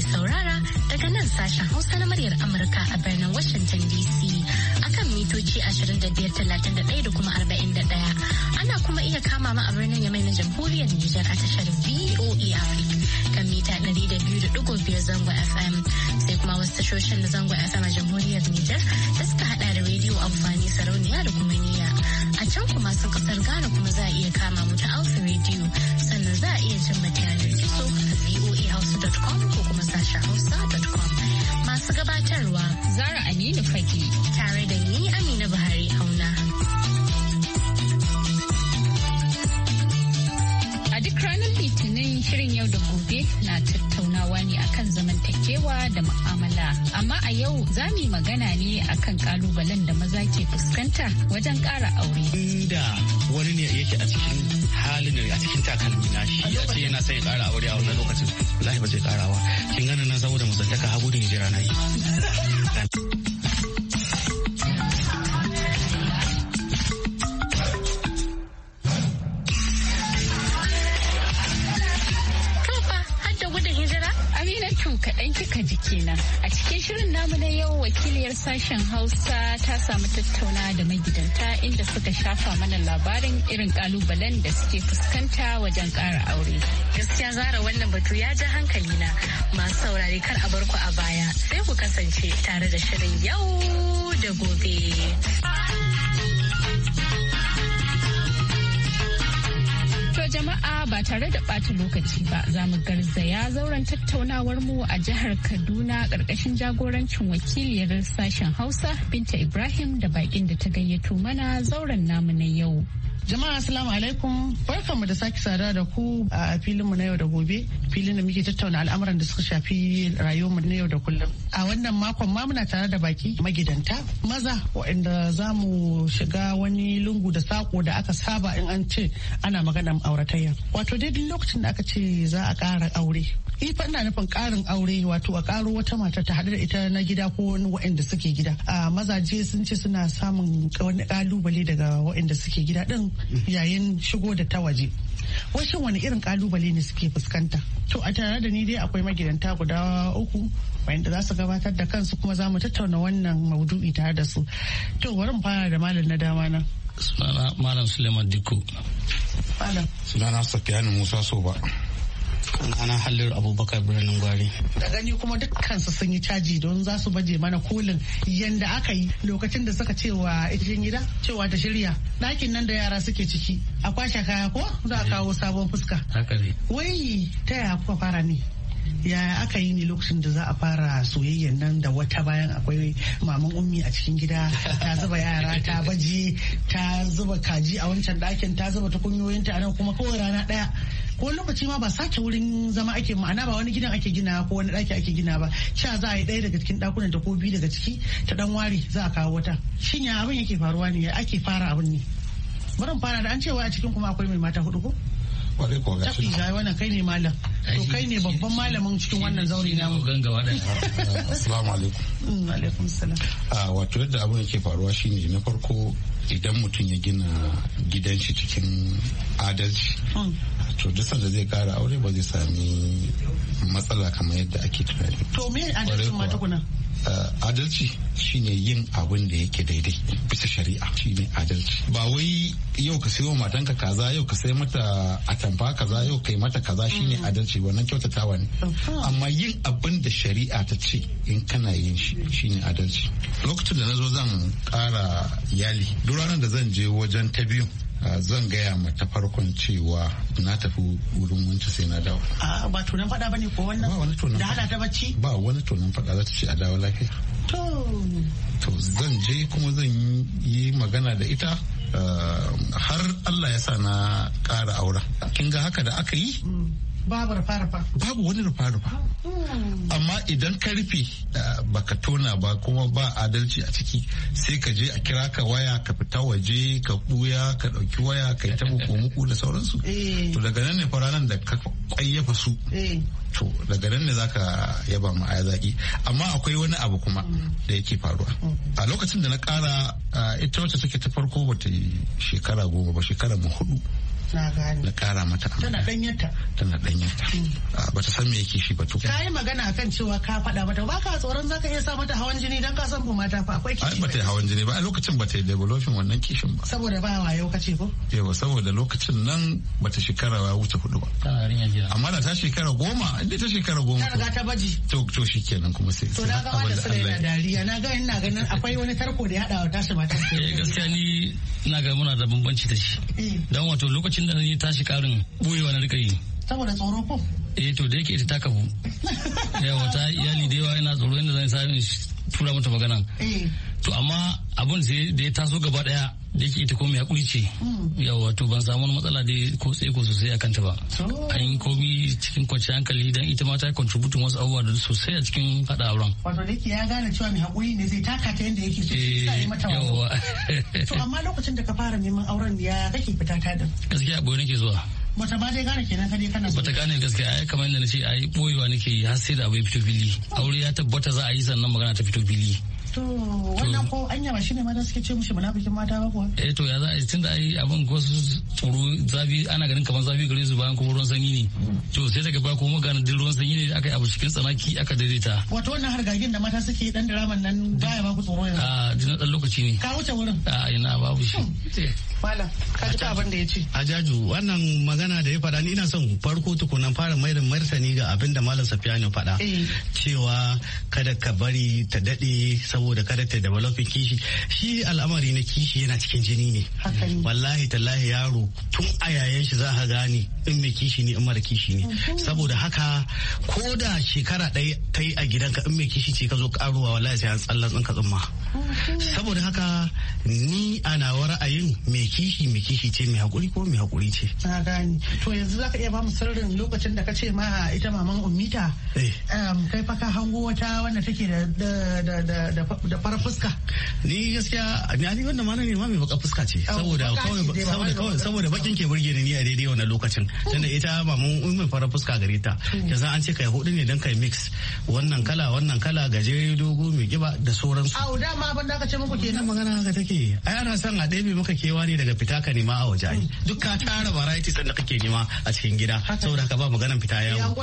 ke saurara daga nan sashen Hausa na muryar Amurka a birnin Washington DC akan mitoci 2531 da kuma 41. Ana kuma iya kama ma a birnin Yamai na Jamhuriyar Nijar a tashar VOA Africa kan mita 200.5 zango FM sai kuma wasu tashoshin na zango FM a Jamhuriyar Nijar da suka hada da rediyo amfani sarauniya da kuma niyya. A can kuma sun kasar Ghana kuma za a iya kama mu ta Alpha Radio sannan za a iya jin mutane www.facebook.com ko kuma sashen hausa.com masu gabatarwa zara aminu fage tare da ni amina buhari Shirin yau da gobe na tattaunawa ne akan zamantakewa da mu'amala. Amma a yau za mu magana ne akan kalubalen da maza ke fuskanta wajen ƙara aure. Inda wani ne yake a cikin halin a cikin takalmi na shi ya ce yana son ya ƙara aure a wannan lokacin. Wallahi ba zai ƙarawa. Kin gana na saboda ka hagu da jira na yi. kyau kaɗan kika ji kenan. A cikin shirin namu na yau wakiliyar sashen Hausa ta samu tattauna da magidanta inda suka shafa mana labarin irin kalubalen da suke fuskanta wajen ƙara aure. Gaskiya zara wannan batu ya ja hankali na masu saurari kar a bar ku a baya sai ku kasance tare da shirin yau da gobe. jama'a ba tare da ɓata lokaci ba za mu garzaya zauren tattaunawar mu a jihar Kaduna ƙarƙashin jagorancin wakiliyar sashen Hausa Binta Ibrahim da bakin da ta gayyato mana zauren namu na yau. Jama'a Assalamu alaikum barkanmu da sake sada da ku a filinmu na yau da gobe filin da muke tattauna al'amuran da suka shafi rayuwarmu na yau da kullum. A wannan makon ma muna tare da baki magidanta maza waɗanda za mu shiga wani lungu da sako da aka saba in an ce ana maganar auratayya. Wato dai duk lokacin da aka ce za a ƙara aure. Ifa ina nufin karin aure wato a karo wata mata ta haɗu da ita na gida ko wani waɗanda suke gida. A mazaje sun ce suna samun wani kalubale daga waɗanda suke gida din. yayin shigo da ta waje wasu wani irin kalubale ne suke fuskanta to a tare da ni dai akwai magidanta guda uku wanda za su gabatar da kansu kuma za mu tattauna wannan maudu'i tare da su to bari mu fara da malam na dama na sunana malam suleiman dikko malam sunana sakiyani musa soba Sunana Halliru Abubakar birnin Gwari. Da gani kuma dukkansu sun yi caji don za su baje mana kolin yanda aka yi lokacin da suka cewa ikin gida cewa ta shirya ɗakin nan da yara suke ciki a kwashe kaya ko za a eh. kawo sabon fuska. Wai ta yaya kuka fara ne? ya aka yi ne lokacin da za a fara soyayyen nan da wata bayan akwai maman ummi a cikin gida ta zuba yara ta baje ta zuba kaji a wancan ɗakin ta zuba tukunyoyinta a nan kuma kowane rana ɗaya ko lokaci ma ba sake wurin zama ake ma'ana ba wani gidan ake gina ko wani ɗaki ake gina ba sha za a yi ɗaya daga cikin ɗakunan ta ko biyu daga ciki ta ɗan wari za a kawo wata shin ya abin yake faruwa ne ake fara abin ne barin fara da an cewa a cikin kuma akwai mai mata hudu ko kwarai ko gashi na. Tafi wannan kai ne malam. To kai ne babban malamin cikin wannan zaure na mu. Ganga Assalamu alaikum. Mm, alaikum salam. Ah, wato yadda abin yake faruwa shine na farko idan mutum ya gina gidan shi cikin adalci hmm. to duk sanda zai kara aure ba zai sami matsala kamar yadda ake tunani to me adalci ma tukuna eh, adalci shine yin abin da yake daidai bisa shari'a shine adalci ba wai yau ka sayo matanka kaza yau ka sai mata atamfa kaza yau kai mata kaza shine mm. adalci wannan kyautatawa ne amma yin abin da shari'a ta ce in kana yin shi shine adalci lokacin da na zo zan kara iyali duk ranar da zan je wajen ta biyu Ah, zan gaya ma ta farkon cewa na tafi wurin wancan sai na dawo. Ah, ba tunan faɗa ba ne ko wannan? Ba wani Da hada ta bacci? Ba wani tunan faɗa za ta ce a dawo lafiya. To. To zan je kuma zan yi magana da ita ah, har Allah ya sa na ƙara aura. Kin ga haka da aka yi? Hmm. babu rufa-rufa babu wani rufa-rufa hmm. amma idan ka rufe eh, baka tona ba kuma ba adalci a ciki sai ka je a kira ka waya ka fita waje ka buya ka ɗauki waya ka yi ta muku da sauransu eh. to daga nan ne faranan da ka kwayyafa su eh. to daga nan ne zaka yaba ma aya zaki amma akwai wani abu kuma hmm. da yake faruwa hmm. a lokacin da na kara ita wacce take ta farko bata shekara goma ba shekara mu hudu na kara mata tana danyarta tana danyarta hmm. ba ta san me yake shi ba to ka yi magana akan cewa ka faɗa mata ba ka tsoron zaka iya sa mata hawan jini dan ka san ba mata fa akwai kishi ba ta hawan jini ba a lokacin ba ta yi developing wannan kishin ba saboda ba wayo kace ko yawa saboda lokacin nan ba ta shekara ya wuce hudu ba amma da ta shekara goma inda ta shekara goma ta riga ta baji to to shikenan kuma sai to na ga wanda sai na dariya na ga ina ganin akwai wani tarko da ya hada wa tashi mata eh, gaskiya ni ina ga muna da bambanci da shi eh. dan wato lokacin lokacin da na yi tashi karin boyewa na rika yi saboda tsoro ko eh to da yake ita ta kafu yawa ta iyali da yawa yana tsoro inda zan sa tura mata magana eh. to amma abun sai da ya taso gaba daya da ke ita komai ya ce. yawa to ban samu matsala dai ko tsaye ko sosai a kanta ba an yi komi cikin kwanciyar hankali dan ita ma ta contributing wasu abubuwa da sosai a cikin faɗa auren wato da ke ya gane cewa mai haƙuri ne zai taka ta yadda yake so sai mata eh, yawa to amma lokacin da ka fara neman auren ya kake fita ta da gaskiya boye nake zuwa bata ba dai gane kenan ka kana bata gane gaskiya ai kamar yadda nace ai boyewa nake har sai da abai fito fili aure ya tabbata za a yi sannan magana ta fito fili To wannan ko anya ba shine mata suke ce mushi bikin mata ba kuwa? Eh to ya za a tunda ai abin ko su tsoro zafi ana ganin kamar zafi gare su bayan kuma ruwan sanyi ne. To sai daga baya kuma ganin ruwan sanyi ne aka yi abu cikin tsanaki aka daidaita. Wato wannan hargagin da mata suke dan diraman nan baya ba ku tsoro yanzu. Ah dan lokaci ne. Ka wuce wurin. Ah ina babu shi. Hmm. malam ka ji abin da ya ce ajaju wannan magana da ya faɗa ni ina son farko tukunan fara mai da martani ga abin da malam safiyanu faɗa eh. cewa kada ka bari ta daɗe saboda kada ta develop kishi shi al'amari na kishi yana cikin jini ne wallahi tallahi yaro tun a yayan shi za ka gane in mai kishi ne in mara kishi ne mhm. saboda haka ko da shekara ɗaya ta yi a gidanka in mai kishi ce ka zo karuwa wallahi sai an tsallan tsinka tsumma mhm. saboda haka ni ana ra'ayin mai kishi mai kishi ce mai hakuri ko mai hakuri ce na gani to yanzu zaka iya ba mu sirrin lokacin da ka ce ma ita maman Umita. Eh. kai fa ka hango wata wanda take da da da da fara fuska ni gaskiya ni wanda ma ne ma mai baka fuska ce saboda kawai saboda kawai saboda bakin ke burge ni a daidai wannan lokacin oh. tunda ita maman ummi fara fuska gare ta yanzu an ce kai hudu ne dan kai mix wannan kala wannan kala gaje dogo mai kiba da sauransu a da ma abin da aka ce muku kenan magana haka take ai ana son a ɗebe maka kewa ne daga fita ka nema a waje duk ka tara varieties da kake nema a cikin gida saboda haka ba maganan fita yawo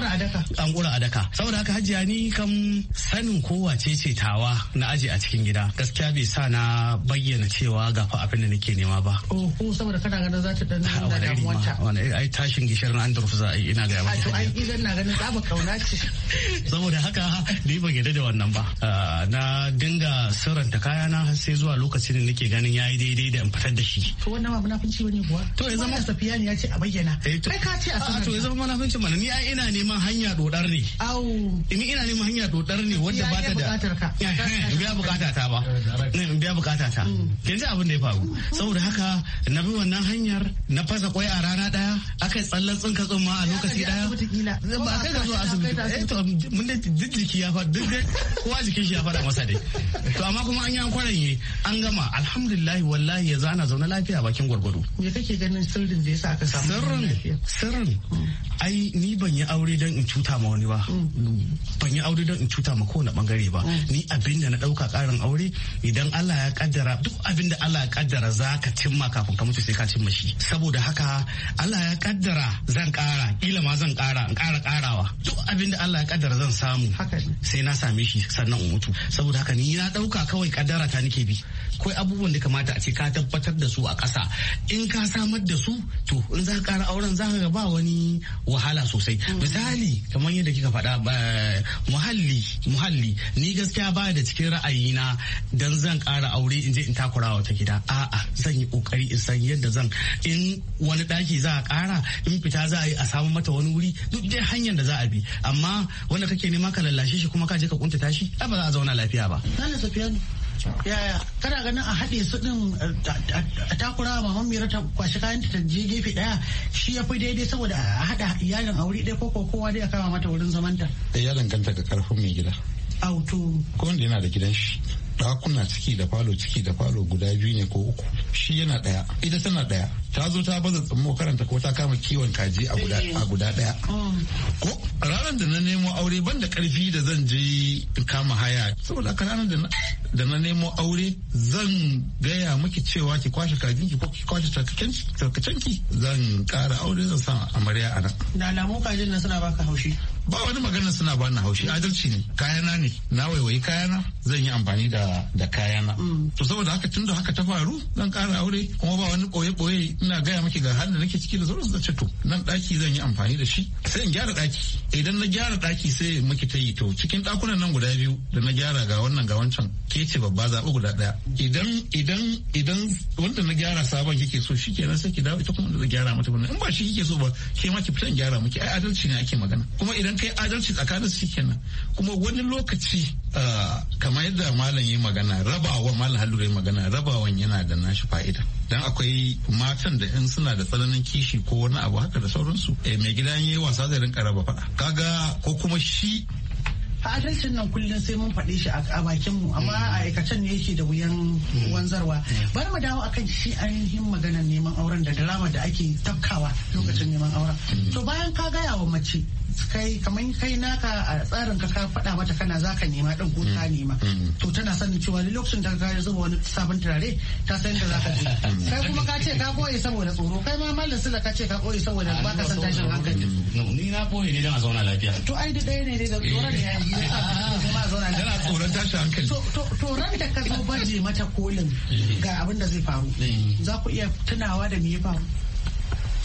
an kura a daka saboda haka hajiya ni kam sanin ko wace ce tawa na aji a cikin gida gaskiya bai sa na bayyana cewa ga fa abin da nake nema ba ko saboda kana ganin za ta dan da damuwarta wani ai tashin gishirin an durfusa ai ina ga yawa to ai idan na ganin za mu kauna shi saboda haka ni ban yarda da wannan ba ah, na dinga siranta kayana sai zuwa lokacin da nake ganin yayi daidai da in fitar da shi to wannan ba munafunci bane kuwa to ya zama safiya ne ya ce a bayyana kai eh, ka ce a sanar to ya zama munafunci mana ni ai ina neman hanya dodar ne au ni ina neman hanya dodar ne wanda ba ta da eh, eh, biya bukata ta ba biya bukata ta yanzu mm. abin da ya faru mm. saboda haka na bi wannan hanyar na fasa kwai a rana daya akai yi tsallan tsinka ma a lokaci daya ba kai ga zuwa asibiti to mun da jiki ya faɗi? duk kowa jikin shi ya fara masa dai to amma kuma an yi an kwaranye an gama alhamdulillah wallahi ya zana zaune lafiya lafiya bakin gwargwado me kake ganin sirrin da yasa aka samu sirrin sirrin mm. ai ni ban yi aure don in cuta ma wani ba mm. ban yi aure don in cuta ma kowane bangare ba mm. ni abin da na dauka karin aure idan Allah ya kaddara duk abin da Allah ya kaddara za ka cimma kafin ka mutu sai ka cimma shi saboda haka Allah ya kaddara zan kara kila ma zan kara in kara karawa duk abin da Allah ya kaddara zan samu sai na same shi sannan in mutu saboda haka ni na dauka kawai kaddara ta nake bi akwai abubuwan da kamata a ce ka tabbatar da su a ƙasa in ka samar da su to in za ka ƙara auren za ka ba wani wahala sosai mm. misali kamar yadda kika faɗa muhalli muhalli ni gaskiya ba da cikin ra'ayina dan zan ƙara aure in je in takura wata gida a'a zan yi kokari in san yadda zan in wani ɗaki za a ƙara in fita za a yi a samu mata wani wuri duk dai hanyar da za a bi amma wanda kake nema ka lallashe shi kuma ka je ka kuntata shi ba za a zauna lafiya ba. Sani yaya kana ganin a haɗe su ɗin eh, a takura maman mira ta kwashi kayan ta je gefe ɗaya shi ya fi daidai saboda a haɗa iyalin a wuri ɗaya ko kowa dai a kama mata wurin zamanta. ya danganta ga karfin mai gida. auto ko wanda yana da gidan shi Dakuna ciki da falo ciki da falo guda biyu ne ko uku shi yana ɗaya ita tana ɗaya ta zo ta baza tsammo karanta ko ta kama kiwon kaji a guda ɗaya ko ranar da na nemo aure ban da ƙarfi da zan je kama haya saboda haka ranar da na nemo aure zan gaya miki cewa ki kwashe kajinki ko ki kwashe tarkacenki zan kara aure zan sa amarya a nan da alamu kajin nan suna baka haushi ba wani magana suna bani haushi adalci ne kayana ne na waiwayi kayana zan yi amfani da da kayana mm. to saboda haka tun da haka ta faru zan kara aure kuma ba wani koye koye ina gaya miki ga hannu da nake ciki da sauransu zace to nan daki zan yi amfani da shi sai in gyara daki idan na gyara daki sai miki ta yi to cikin dakunan nan guda biyu da na gyara ga wannan ga wancan ke ce babba zaɓi guda ɗaya idan idan idan wanda na gyara sabon kike so shi kenan sai ki dawo ita kuma da gyara mata in ba shi kike so ba ke ma ki fitan gyara miki ai adalci ne ake magana kuma idan idan kai adalci tsakanin su kenan kuma wani lokaci ah, kamar yadda malam yi magana rabawa malam halura yi magana rabawan yana da nashi fa'ida dan akwai matan da in suna da tsananin kishi ko wani abu haka da sauransu eh mai gidan yayi wasa zai rinka raba faɗa kaga ko kuma shi adalcin nan kullum sai mun faɗe shi a bakin mu amma a aikacen ne yake da wuyan wanzarwa bari mu dawo akan shi ainihin maganar neman auren da drama da ake tafkawa lokacin neman auren to bayan ka gaya wa mace kai kamar kai naka a tsarin ka faɗa mata kana za ka nema ɗin ko ka mm. nema mm. to tana sanin cewa lokacin da ka zuba wani sabon turare ta san da za ka je mm. kai kuma ka ce ka koye saboda tsoro kai ma mallin sula ka ce ka koye saboda ba ka san tashin hankali ni na koye ne dan a zauna lafiya to ai duk ɗaya ne da tsoron ya yi kuma a zauna lafiya tsoron tashin hankali to ran da ka zo baje mata kolin ga abin da zai faru za ku iya tunawa da me ya faru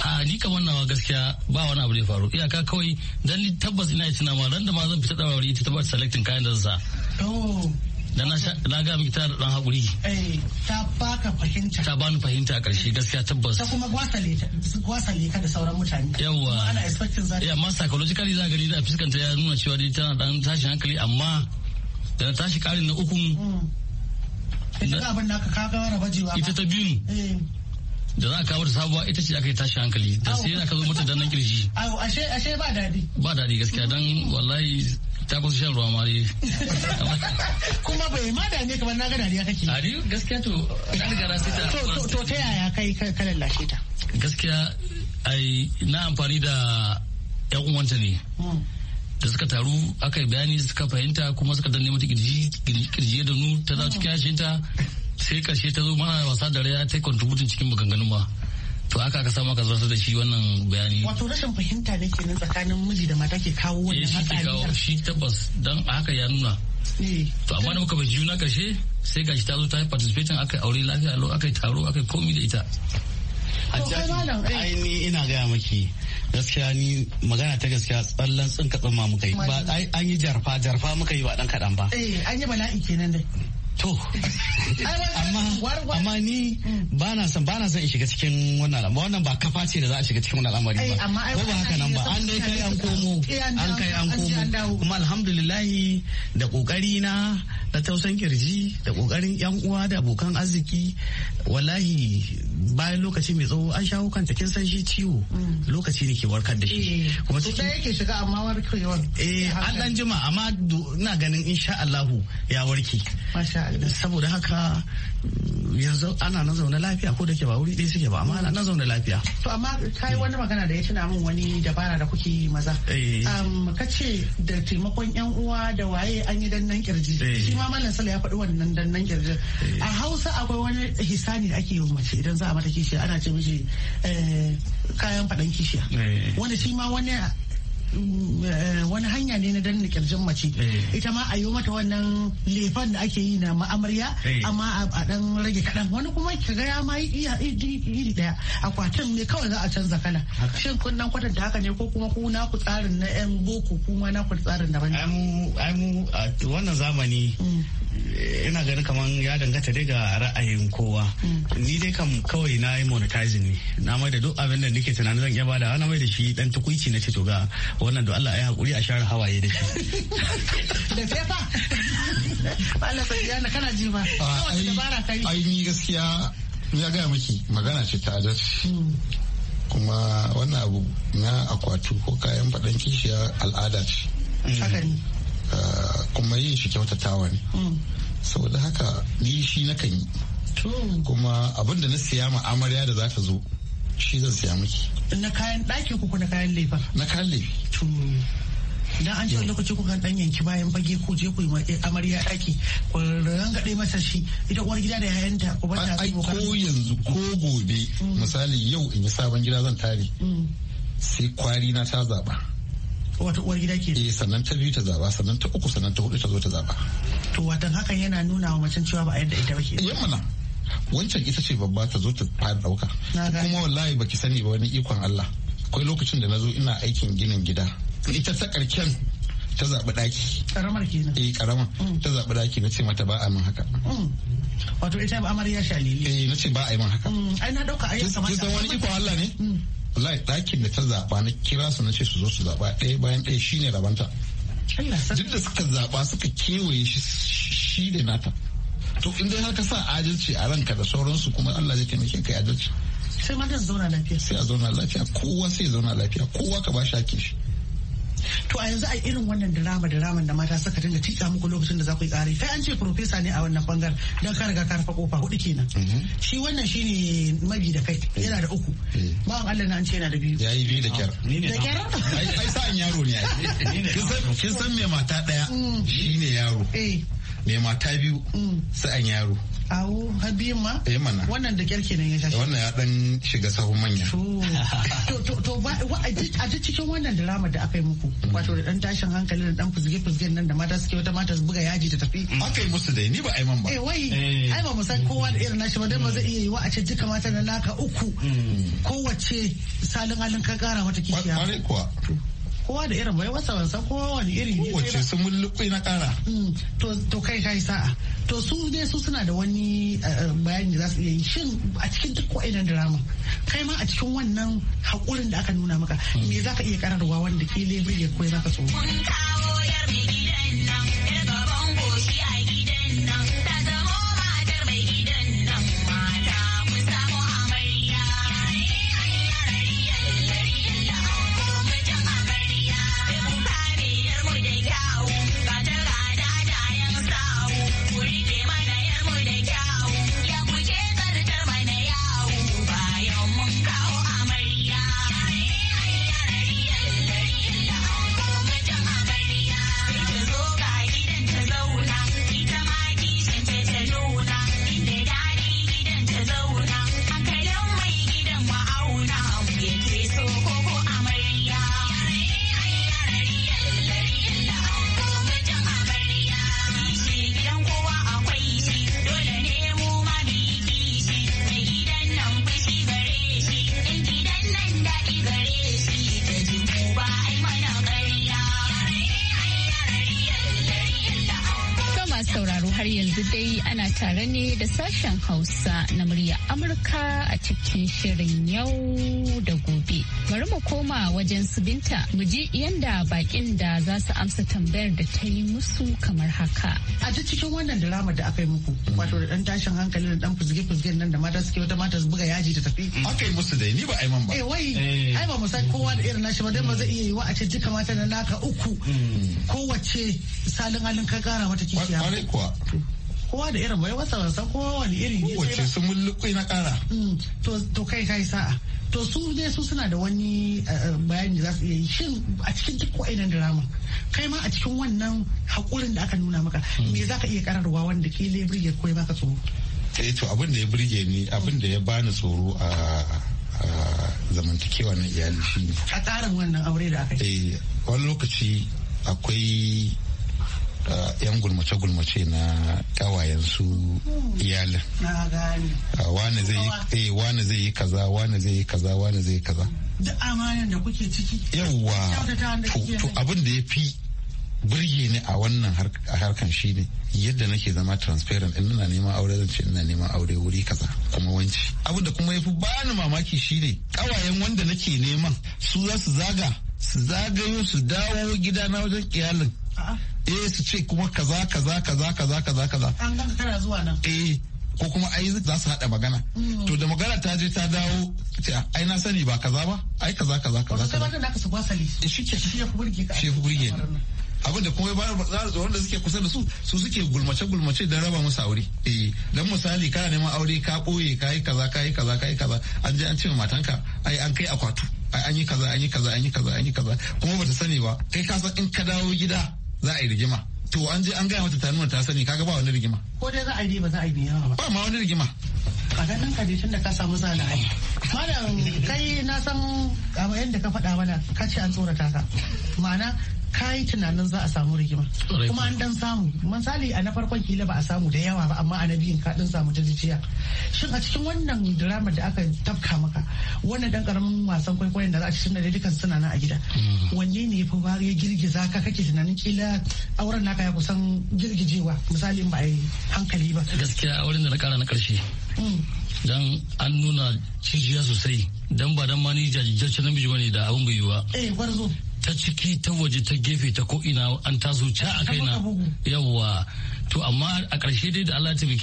a ni wannan wa gaskiya ba wani abu da ya faru iyaka kawai dan ni tabbas ina tuna ma dan da ma zan fita da ita ta ba selecting kayan da zan sa oh. da na ga miki ta dan hakuri eh, ta baka fahimta ta bani fahimta a karshe gaskiya tabbas ta kuma gwasale gwasale ka da sauran mutane yawa ana expecting za ya ma psychologically za gani da ta ya nuna cewa dai tana dan tashin hankali amma da na tashi karin na ukun mm. ita ta biyun eh. da za a kawo sabuwa ita ce aka yi tashi hankali da sai ka zo mata dan nan kirji ashe ashe ba daɗi ba daɗi gaskiya dan wallahi ta kusa shan ruwa mare. Kuma bai ma da ne kamar na gana dariya kake. Ari gaskiya to an gara sai ta. To to ta yaya kai ka lallashe ta? Gaskiya ai na amfani da yan uwanta ne. Hmm. da suka taru aka yi bayani suka fahimta kuma suka danne mata kirji da nu ta za cikin kiyashinta hmm. sai karshe ta zo mana wasa da rai ta contributing cikin maganganun ba to haka aka samu aka zarta da shi wannan bayani wato rashin fahimta ne kenan tsakanin miji da mata ke kawo wannan hatsari eh, shi ke kawo shi tabbas dan haka ya nuna eh. to amma da muka bai juna karshe sai gashi ta zo ta yi participation aka aure lafiya lo aka yi taro aka yi komi da ita eh. ni ina gaya maki gaskiya ni magana ta gaskiya tsallan tsinka tsamma muka yi ba an yi jarfa jarfa muka yi ba dan kadan ba eh an yi bala'i kenan dai to amma amma ni ba na son ba na in shiga cikin wannan al'amari wannan ba kafa ce da za a shiga cikin wannan al'amari ba eh, ko ba haka nan ba an dai kai an komo an kai an komo kuma alhamdulillah da kokari na na tausan kirji da kokarin yan uwa da abokan arziki wallahi bayan lokaci mai tsawo an shawo kanta kin san shi ciwo mm. lokaci ne ke warkar da shi eh, kuma cikin yake shiga amma warkewa eh an dan jima amma ina ganin insha Allah ya warke saboda haka yanzu ana na zaune lafiya ko da ke ba wuri ɗaya suke ba amma ana na zaune lafiya. To amma ka wani magana da ya tuna min wani dabara da kuke yi maza. Eh. Ka ce da taimakon yan uwa da waye an yi dannan kirji. Eh. Shi ma Malam Sala ya faɗi wannan dannan kirji. Eh. A Hausa akwai wani hisani da ake yi mace idan za a mata kishiya ana ce mishi kayan faɗan kishiya. Wanda shi ma wani Eh, wani hanya ne na danna kirjin mace eh. ita ma a yi mata wannan lefan da ake yi na ma'amarya eh. amma a dan rage kaɗan wani kuma ki ga ya ma iya iri daya akwatin ne kawai za a canza kala shin kun nan kwatanta haka ne ko kuma ku na tsarin na yan boko kuma na tsarin daban ai mu wannan zamani mm. ina ganin kamar ya danganta dai ga ra'ayin kowa mm. ni dai kam kawai na yi monetizing ne na mai da duk abin da nake tunanin zan iya bada na mai da shi dan tukuici na ce to ga wannan da Allah ya hakuri a share hawaye da shi da fefa Allah sai yana kana ji ba ah, wata dabara kai ai ni gaskiya ya ga miki magana ce ta adalci mm. kuma wannan abu na akwatu ko kayan faɗan kishiya al'ada ce haka ah, kuma yin shi kyautatawa ne mm. saboda haka ni shi na kan yi kuma abin da na siya ma amarya da za zo shi zan siya miki na kayan ɗaki ko na kayan lefa na kayan lefi dan an ce lokaci ku kan dan yanki bayan bage ko je ku amarya daki ku rangade masa shi ita uwar gida da yayanta ku bata su ko ko yanzu ko gobe mm. misali yau in yi sabon gida zan tare mm. sai kwari na ta zaba wata uwar gida ke eh, sannan ta biyu ta zaba sannan ta uku sannan ta hudu ta zo ta zaba to watan hakan yana nuna wa macen cewa ba a yadda ita ba ke yamma eh, wancan ita ce babba ta zo ta fara dauka kuma wallahi baki sani ba wani ikon Allah akwai lokacin da na zo ina aikin ginin gida ita ta karken ta zaɓi ɗaki karamar kenan eh karamar mm. ta zaɓi ɗaki na ce mata ba a min haka mm. wato ita ba amarya shalili eh na ce ba a yi min haka mm. ai na dauka ayyuka mata kin wani ikon Allah ne wallahi ɗakin da ta zaɓa na kira su na ce su zo su zaɓa ɗaya bayan ɗaya shine rabanta duk da suka zaba suka kewaye shi da nata to in dai haka sa adalci a ranka da sauransu kuma Allah zai taimake ka adalci sai ma zauna lafiya sai a zauna lafiya kowa sai zauna lafiya kowa ka ba shi shi to a yanzu a irin wannan drama drama da mata suka dinga tika muku lokacin da za ku yi tsari kai an ce profesa ne a wannan bangar dan ka riga ka rufe kofa hudu kenan mhm. shi wannan shine mabi da kai yana da uku eh. ba an Allah na an ce yana da biyu yayi biyu da kyar da kyar ai an yaro ne ai kin san me mata daya mm. shine yaro eh. mai mata biyu mm. sa'an yaro awo har biyun ma eh mana wannan da kyar kenan ya shashi wannan ya dan shiga sahun manya to to to a duk cikin wannan drama da aka yi muku mm. wato da dan tashin hankali da dan fuzge fuzge nan da mata suke wata mata su buga yaji ta tafi aka yi musu dai ni ba aiman ba eh wai eh. ai ba mu san kowa da irin nashi ba dan ba zai iya yi wa a ce duka mata na naka uku mm. kowace salin halin ka kara mata kishiya ne kuwa kowa da irin bai wasa wasa kowa wani irin kowace sun mulluɓe na kara mm, to kai kai sa'a to su ne su suna da wani eh, eh, bayani da za su iya yi shin a cikin duk wa'idan drama kai ma a cikin wannan haƙurin da aka nuna maka mm. me za ka iya kararwa wanda ke lebur ya koya za ka so. sashen Hausa na murya Amurka a cikin shirin yau da gobe. Bari mu koma wajen su binta mu ji yanda bakin da za su amsa tambayar da ta yi musu kamar haka. A duk cikin wannan drama da aka yi muku wato da dan tashin hankali da dan fuzge-fuzgen nan da mata suke wata mata su buga yaji ta tafi. Aka yi musu dai ni ba man ba. Eh wai eh. ai ba mu san kowa da irin nashi ba dai ma zai iya wa a ce duka mata na naka uku hmm. kowace salin halin ka kara mata kishiya. kuwa. kowa da irin bai wasa wasa kowa wani irin ne kowace sun mulki na kara hmm, to to kai kai sa'a to su ne su suna da wani eh, eh, bayani za su iya yi shin a cikin duk wa'inan drama kai ma a cikin wannan haƙurin da aka nuna maka hmm. me za ka iya kararwa wanda ke lebri ya koyi baka tsoro eh to abin da ya burge ni abin da ya bani tsoro a zamantakewa na iyali shine a tsarin wannan aure da aka yi eh, wani lokaci akwai Uh, yan gulmace-gulmace na kawayen su iyalin uh, wani eh, zai yi kaza wani zai yi kaza wani zai yi kaza da amanin da kuke ciki yawwa to abin da ya fi birge ni a wannan harkan shi ne yadda nake zama transparent in ina neman aure zan ce ina neman aure wuri kaza kuma wanci abin da kuma yafi bani mamaki shi ne kawayen wanda nake neman su za su zaga su zagayo su dawo gidana wajen iyalin eh su ce kuma kaza kaza kaza kaza kaza kaza an ganka kana zuwa nan eh ko kuma ai za su haɗa magana. Mm. To da magana ta je ta dawo ce ai na sani ba kaza ba ai kaza kaza kaza. sai magana da ka su gwasali. Eh, shi ke shi ya kuburge ka. Shi ya fi ni. Abin da kuma bayan da tsoron da suke kusa da su su suke gulmace gulmace dan raba musu aure. Eh dan misali kana neman aure ka koye ka yi kaza ka yi kaza ka yi kaza an je an ce matanka ai an kai akwatu. Ai an yi kaza an yi kaza an yi kaza an yi kaza kuma bata sani ba kai ka san in ka dawo gida za a yi rigima to an je an gaya mata ta nuna ta sani kaga ba wani rigima ko dai za a yi ba za a yi ba ba ma wani rigima a ganin ka tun da ka samu zana ai malam kai na san kamar yadda ka faɗa mana ka ce an tsorata ka ma'ana kayi tunanin za a samu rigima kuma an dan samu misali a na farkon kila ba a samu da yawa ba amma a na biyun ka dan samu jijiya shin a cikin wannan drama da aka tafka maka wannan dan karamin wasan kwaikwayon da za a ci tunda dukkan suna nan a gida mm. wanne ne fa ba ya girgiza ka kake tunanin kila auren naka ya kusan girgijewa misali ba a yi hankali ba gaskiya auren da na kara na karshe mm. dan an nuna cijiya sosai dan ba dan ma ni jajijjaccen namiji bane da abun bai yiwa eh gwarzo ta ciki ta waje ta gefe ta ko ina an taso ca a na yawwa to amma a ƙarshe dai da Allah ta ni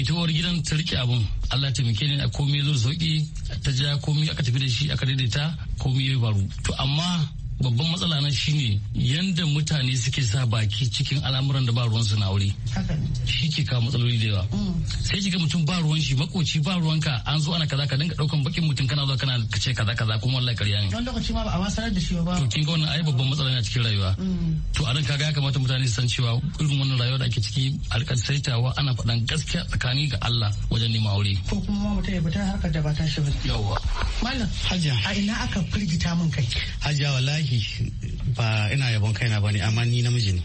ita uwar gidan ta rike abun Allah ta ni a komai zo sauki ta ja komai aka tafi da shi aka daidaita komai ya baru to amma babban matsala na shine yadda mutane suke sa baki cikin al'amuran da ba ruwan su na aure shi ke kawo matsaloli da yawa mm. sai kiga mutum ba ruwan shi makoci ba ka an zo ana kaza ka dinga daukan bakin mutum kana zuwa kana kace kaza kaza kuma wallahi ƙarya ne wani lokaci ma ba a ma sanar da shi ba to kin ga wannan ai babban matsala ne a cikin rayuwa mm. to a nan kaga ya kamata mutane su san cewa irin wannan rayuwa da ake ciki alƙasaitawa ana faɗan gaskiya tsakani ga Allah wajen neman aure ko kuma ma mutum ya fita harkar da ba ta shi ba yawa mallam hajiya a ina aka firgita min kai hajiya wallahi wallahi ba ina yabon kaina ba ne amma ni namiji ne.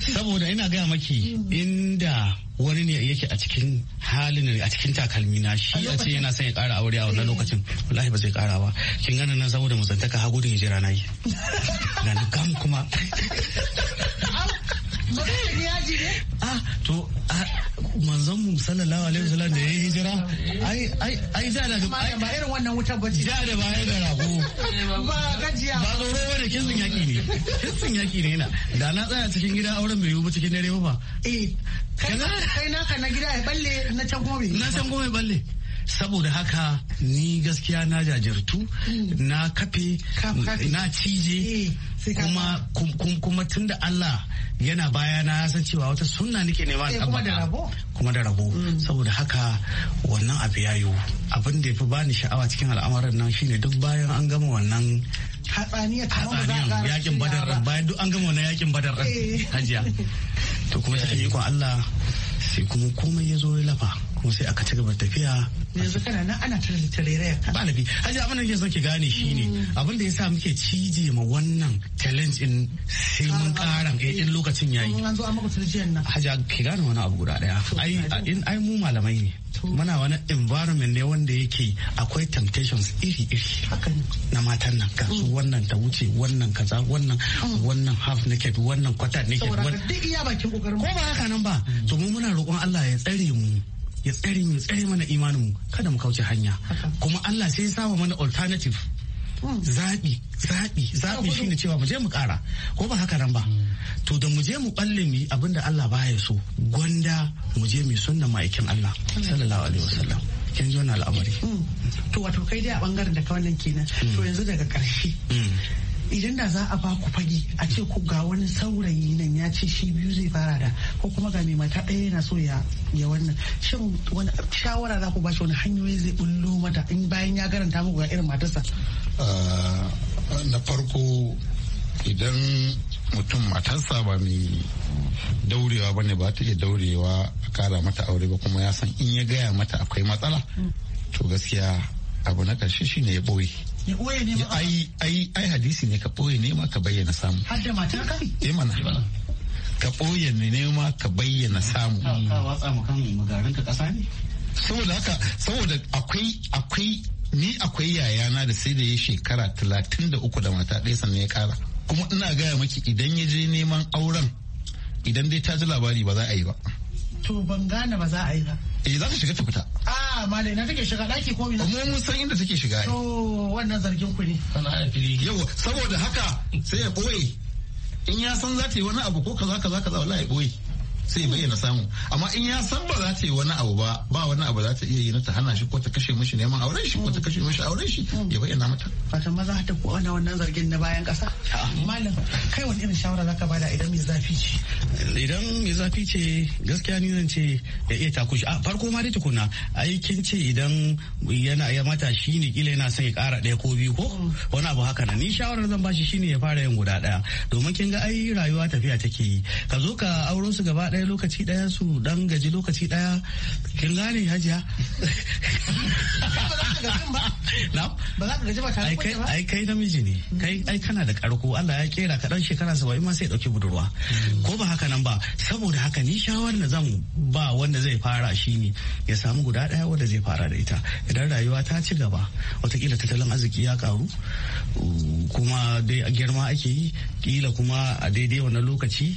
Saboda ina gaya maki mm. inda wani ne yake a cikin halin a cikin takalmi na shi a ce yana son ya kara aure a wannan eh. lokacin wallahi ba zai kara ba kin gana nan saboda mazantaka ha ka hijira na yi. Na gam kuma. ah to manzon mu sallallahu alaihi wasallam da yayi hijira ai ai ai da da ba irin wannan wutar bace da da ba da rago ba gajiya ba tsoro bane kin sun yaki ne Kinsin yaki ne na da na tsaya cikin gida auren bai yi ba cikin dare ba eh kai ka na gida ya balle na can kuma bai na can kuma balle saboda haka ni gaskiya na jajirtu na kafe na cije eh, kuma kuma tunda Allah yana baya na san cewa wata sunna nake nema na eh, kuma da rabo kuma da rabo mm. saboda haka wannan abu ya yiwu abin da ya fi bani sha'awa cikin al'amarin nan shine duk bayan an gama wannan hatsaniyar yakin badar bayan duk an gama wannan yakin badar eh. hajiya to kuma cikin eh. ikon Allah sai kuma komai ya zo ya lafa kuma sai aka ci gaba da tafiya yanzu kana nan ana tare tarere ba lafi haji abin da ke so ki gane shine mm. abin da yasa muke cije ma wannan challenge in sai mun kara ah, ah. in lokacin yayi mun zo an maka tarjiyan nan haji ki gane wani abu guda daya ai in ai mu malamai ne muna wani environment ne wanda yake akwai temptations iri-iri na matan nan kan su mm. wannan ta wuce wannan kaza wannan mm. wannan half naked wannan kwata naked wannan ko ba haka nan ba to mu muna roƙon Allah ya tsare mu ya tsare mu tsare mana imanin mu kada mu kauce hanya kuma Allah sai ya saba mana alternative hmm. zaɓi zaɓi zaɓi shi ne cewa mu je mu ƙara ko ba haka nan ba hmm. to da mu je mu balle mu abin Allah ba ya so gwanda mu je mu sunna ma'aikin Allah sallallahu alaihi wasallam kin ji wannan al'amari hmm. to wato kai dai a bangaren da ka wannan kenan to yanzu daga ƙarshe idan da za a ba ku fage a ce ku ga wani saurayi nan ya ce shi biyu zai fara da ko kuma ga mai mata ɗaya yana so ya ya wannan shin wani shawara za ku ba shi wani hanyoyi zai bullo mata in bayan ya garanta muku ga irin matarsa ah, na farko idan mutum matarsa ba mai daurewa bane ba ta iya daurewa a kara mata aure ba kuma ya san in ya gaya mata akwai matsala to gaskiya abu na karshe ne ya ɓoye ya boye ne ma ai ai ai hadisi ne ka boye ne ma ka bayyana samu har da matar ka eh mana ka boye ne ne ma ka bayyana samu ka watsa mu kan magarin ka kasa ne saboda haka saboda akwai akwai ni akwai yayana da sai da ya shekara talatin da uku da mata ɗaya sannan ya kara kuma ina gaya maki idan ya je neman auren idan dai ta ji labari ba za a yi ba to ban gane ba za a yi ba eh za ta shiga ta fita A'a malai na take shiga daki ko ina. Mu mun san inda take shiga. To wannan zargin ku ne. Sana'a fili. Yau saboda haka sai ya boye. In ya san za ta yi wani abu ko kaza kaza kaza wallahi ya boye. sai bayyana samu amma in ya san ba za ta yi wani abu ba ba wani abu za ta iya yi na ta hana shi ko ta kashe mishi neman auren shi ko ta kashe mishi auren shi ya bayyana mata fatan maza ta ko ana wannan zargin na bayan kasa malam kai wani irin shawara zaka bada idan mai zafi ce idan mai zafi ce gaskiya ni zan ce ya iya takushi a farko ma dai tukuna ai kin ce idan yana ya mata ne kila yana son ya kara daya ko biyu ko wani abu haka na ni shawarar zan bashi shine ya fara yin guda daya domin kin ga ai rayuwa tafiya take yi ka zo ka auren su gaba ɗaya lokaci ɗaya su dan gaji lokaci ɗaya kin gane hajiya ai kai namiji ne kai ai kana da karko Allah ya kera kaɗan shekara 70 ma sai dauki budurwa ko ba haka nan ba saboda haka ni shawar da zan ba wanda zai fara shi ne ya samu guda ɗaya wanda zai fara da ita idan rayuwa ta ci gaba watakila tattalin arziki ya karu kuma dai girma ake yi kila kuma a daidai wannan lokaci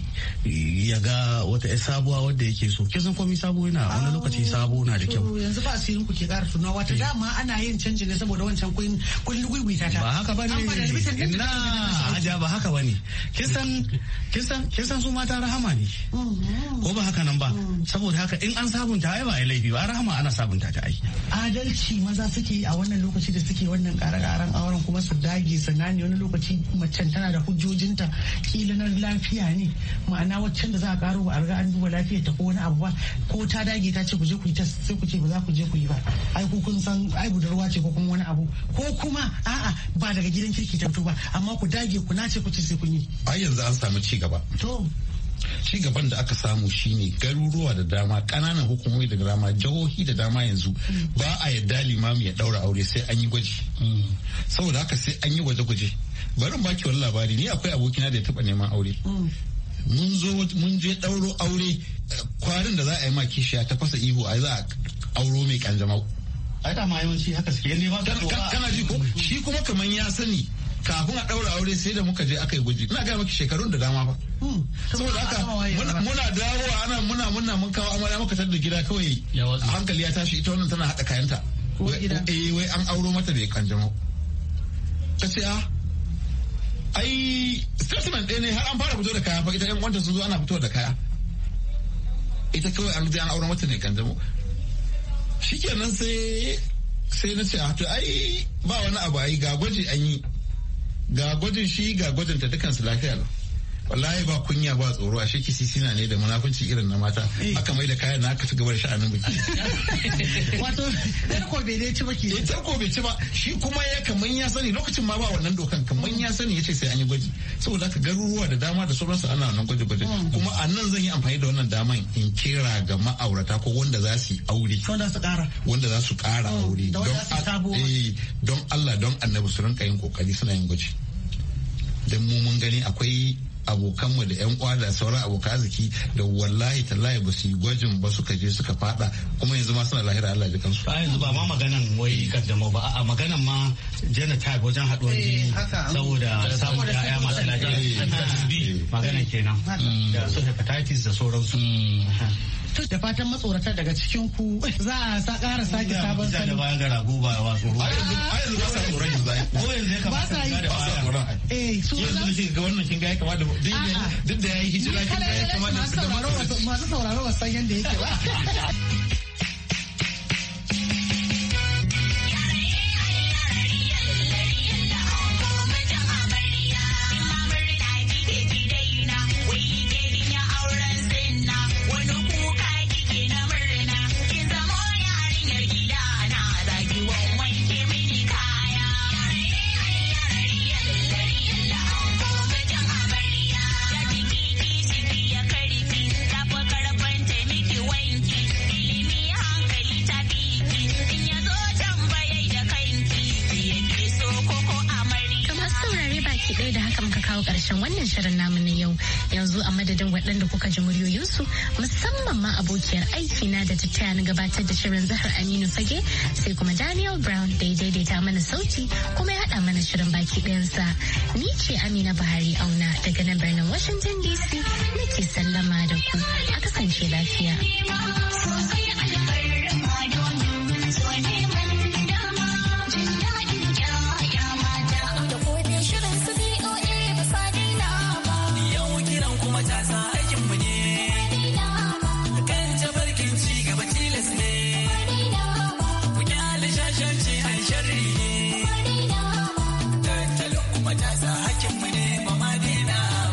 ya ga wata yan eh, sabuwa wadda yake so ke san komai sabo yana wani ah, lokaci sabo na da kyau yanzu ba asirin ku ke ƙara tunawa wata eh. dama ana yin canji ne saboda wancan kun kullu lugui ta ta ba haka bane na aja ba haka bane ke san ke san ke san su mata rahama ne mhm. ko ba haka nan ba mhm. saboda haka in an sabunta ai ba ai laifi ba rahama ana sabunta ta ai adalci maza suke a wannan lokaci da suke wannan ƙara-ƙaran auren kuma su dage sana ne wani lokaci macen tana da hujjojinta kila na lafiya ne ma'ana waccan da za a karo ba a riga an duba lafiyar ta ko wani abu ba ko ta dage ta ce ku je ku yi ta sai ku ce ba za ku je ku yi ba ai ku kun san ai budurwa ce ko kuma wani abu ko kuma a'a ba daga gidan kirki ta fito ba amma ku dage ku na ce ku ce sai kun yi ai yanzu an samu ci gaba to ci gaban da aka samu shine garuruwa da dama kananan hukumomi da dama jihohi da dama yanzu ba a yadda limami ya daura aure sai an yi gwaji saboda haka sai an yi gwaje-gwaje barin baki wani labari ni akwai abokina da ya taba neman aure mm. mun zo mun je ɗauro aure eh, kwarin da za a yi ma kishiya ta fasa ihu a za a auro mai kanjamau ai da ma yawanci haka suke ne ba kana ji ko shi kuma kaman ya sani kafin a ɗaura aure sai da muka je aka yi gwaji ina gaya maki shekarun da dama ba hmm, saboda haka muna dawowa ana muna muna mun kawo amarya muka tar da gida kawai A hankali ya tashi ita wannan tana haɗa kayanta eh wai an auro mata da kanjamau Ka ce a ah, ai statement ɗaya ne har an fara fito da kaya fa ita yan wanda sun zo ana fito da kaya ita kawai an an auren wata ne kan zamo shikenan sai sai na ce a ah, to ai ba wani abu ai ga gwaji an yi ga gwajin shi ga gwajin ta dukansu lafiya lau wallahi ba kunya ba tsoro a shi sisina ne da munafunci irin na mata eh. aka mai da kayan na aka ci gaba da sha'anin biki wato tarko bai dai ci ba ke eh tarko bai ci ba shi kuma ya kaman ya sani lokacin ma ba wannan dokan kaman ya sani ya ce sai an yi gwaji saboda aka garuruwa da dama da sauransu ana wannan gwaji gwaji hmm. kuma a nan zan yi amfani da wannan daman in kira ga ma'aurata ko wanda za su yi aure wanda su kara wanda za su kara hmm. aure eh, don Allah don annabi su rinka yin kokari suna yin gwaji don mu mun gani akwai abokanmu da yan uwa da sauran abokan arziki da wallahi tallahi ba su yi gwajin ba suka je suka fada kuma yanzu ma suna lahira Allah ya kansu. Ba yanzu ba ma maganan wai kaddamo ba a maganan ma genotype wajen haɗuwar eh, jini saboda samun ya'ya masu lafiya. Eh. Maganan kenan mm. da su hepatitis da sauransu. Mm. da fatan matsorata daga cikin ku za a sa ƙara sake sabon salo. Ba ga rago ba wa tsoro. Ai yanzu ba sa tsoron yanzu ai. Ko yanzu ya kamata ka da ba sa tsoron. Eh su yanzu da kika ga wannan kin ga ya kamata duk da yayi hijira kin ga ya kamata da masu sauraro ba san yanda yake ba. kawo karshen wannan shirin namu na yau yanzu a madadin waɗanda kuka ji muryoyinsu musamman ma abokiyar aiki na da tattaya na gabatar da shirin zahar aminu fage sai kuma daniel brown da ya daidaita mana sauti kuma ya haɗa mana shirin baki ɗayansa ni ce amina buhari auna daga nan birnin washington dc nake sallama da ku a kasance lafiya.